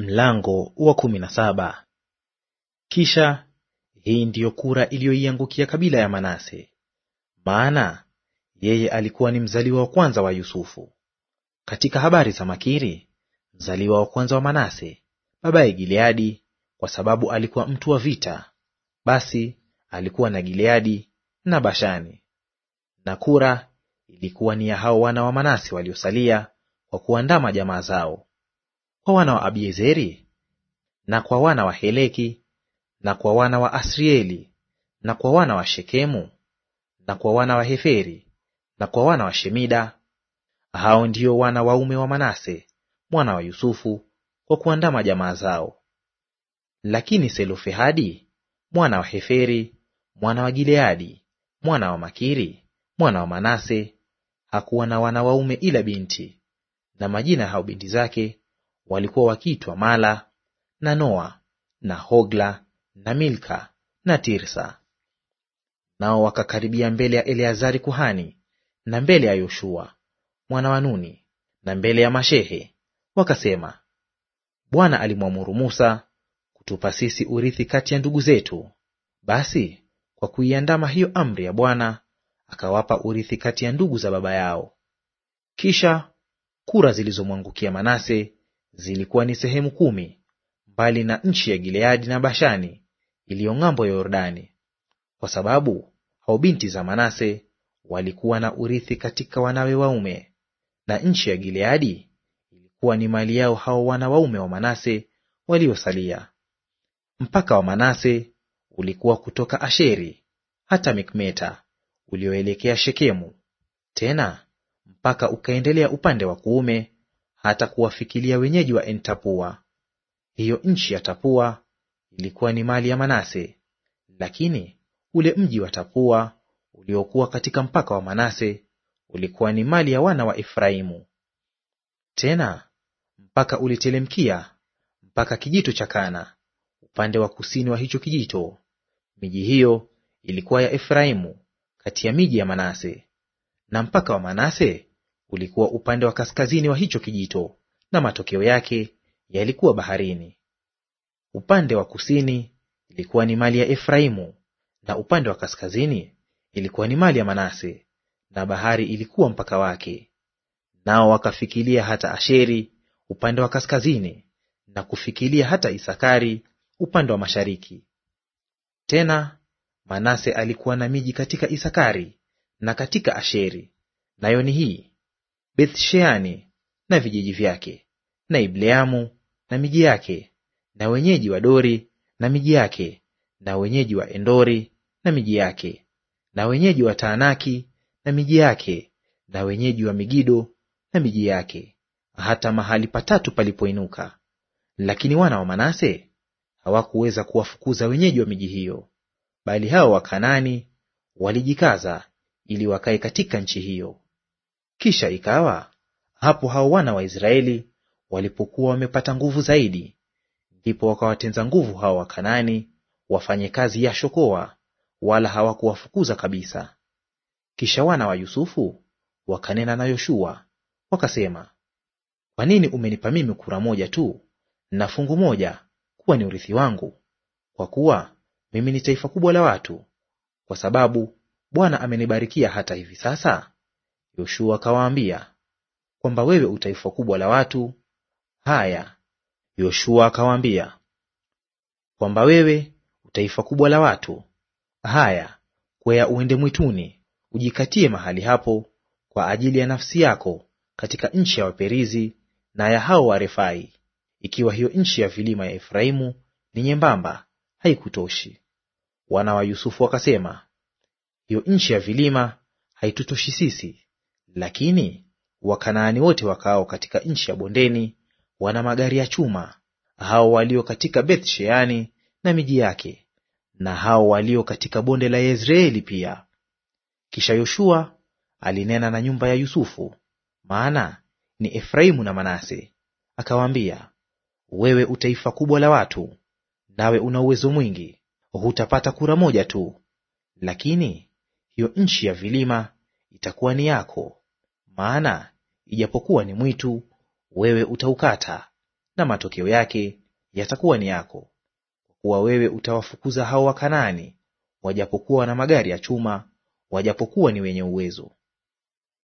Mlango wa kumi na saba. Kisha hii ndiyo kura iliyoiangukia kabila ya Manase, maana yeye alikuwa ni mzaliwa wa kwanza wa Yusufu. Katika habari za Makiri, mzaliwa wa kwanza wa Manase babaye Gileadi, kwa sababu alikuwa mtu wa vita, basi alikuwa na Gileadi na Bashani. Na kura ilikuwa ni ya hao wana wa Manase waliosalia kwa kuandama jamaa zao kwa wana wa Abiezeri, na kwa wana wa Heleki, na kwa wana wa Asrieli, na kwa wana wa Shekemu, na kwa wana wa Heferi, na kwa wana wa Shemida. Hao ndio wana waume wa Manase mwana wa Yusufu kwa kuandama jamaa zao. Lakini Selofehadi mwana wa Heferi mwana wa Gileadi mwana wa Makiri mwana wa Manase hakuwa na wana waume ila binti, na majina ya hao binti zake walikuwa wakiitwa Mala na Noa na Hogla na Milka na Tirsa. Nao wakakaribia mbele ya Eleazari kuhani na mbele ya Yoshua mwana wa Nuni na mbele ya mashehe, wakasema, Bwana alimwamuru Musa kutupa sisi urithi kati ya ndugu zetu. Basi kwa kuiandama hiyo amri ya Bwana akawapa urithi kati ya ndugu za baba yao. Kisha kura zilizomwangukia Manase zilikuwa ni sehemu kumi mbali na nchi ya Gileadi na Bashani iliyo ng'ambo ya Yordani, kwa sababu hao binti za Manase walikuwa na urithi katika wanawe waume, na nchi ya Gileadi ilikuwa ni mali yao hao wana waume wa Manase waliosalia. Mpaka wa Manase ulikuwa kutoka Asheri hata Mikmeta ulioelekea Shekemu, tena mpaka ukaendelea upande wa kuume hata kuwafikilia wenyeji wa Entapua. Hiyo nchi ya Tapua ilikuwa ni mali ya Manase, lakini ule mji wa Tapua uliokuwa katika mpaka wa Manase ulikuwa ni mali ya wana wa Efraimu. Tena mpaka ulitelemkia mpaka kijito cha Kana upande wa kusini wa hicho kijito. Miji hiyo ilikuwa ya Efraimu kati ya miji ya Manase, na mpaka wa Manase ulikuwa upande wa kaskazini wa hicho kijito, na matokeo yake yalikuwa baharini. Upande wa kusini ilikuwa ni mali ya Efraimu, na upande wa kaskazini ilikuwa ni mali ya Manase, na bahari ilikuwa mpaka wake. Nao wakafikilia hata Asheri upande wa kaskazini, na kufikilia hata Isakari upande wa mashariki. Tena Manase alikuwa na miji katika Isakari na katika Asheri, nayo ni hii Bethsheani na vijiji vyake, na Ibleamu na miji yake, na wenyeji wa Dori na miji yake, na wenyeji wa Endori na miji yake, na wenyeji wa Taanaki na miji yake, na wenyeji wa migido na miji yake, hata mahali patatu palipoinuka. Lakini wana wa Manase hawakuweza kuwafukuza wenyeji wa miji hiyo, bali hao kanani walijikaza ili wakae katika nchi hiyo. Kisha ikawa hapo hao wana wa Israeli walipokuwa wamepata nguvu zaidi, ndipo wakawatenza nguvu hao wakanani wafanye kazi ya shokoa, wala hawakuwafukuza kabisa. Kisha wana wa Yusufu wakanena na Yoshua wakasema, kwa nini umenipa mimi kura moja tu na fungu moja kuwa ni urithi wangu? Kwa kuwa mimi ni taifa kubwa la watu, kwa sababu Bwana amenibarikia hata hivi sasa, Yoshua akawaambia kwamba wewe utaifa kubwa la watu. Haya, Yoshua akawaambia kwamba wewe utaifa kubwa la watu. Haya, kwea uende mwituni, ujikatie mahali hapo kwa ajili ya nafsi yako katika nchi ya Waperizi na ya hao Warefai, ikiwa hiyo nchi ya vilima ya Efraimu ni nyembamba, haikutoshi. Wana wa Yusufu wakasema, hiyo nchi ya vilima haitutoshi sisi, lakini Wakanaani wote wakaao katika nchi ya bondeni wana magari ya chuma, hao walio katika Beth-Sheani na miji yake, na hao walio katika bonde la Yezreeli pia. Kisha Yoshua alinena na nyumba ya Yusufu, maana ni Efraimu na Manase, akawaambia, wewe utaifa kubwa la watu, nawe una uwezo mwingi, hutapata kura moja tu, lakini hiyo nchi ya vilima itakuwa ni yako maana ijapokuwa ni mwitu, wewe utaukata, na matokeo yake yatakuwa ni yako; kwa kuwa wewe utawafukuza hao Wakanaani, wajapokuwa wana magari ya chuma, wajapokuwa ni wenye uwezo.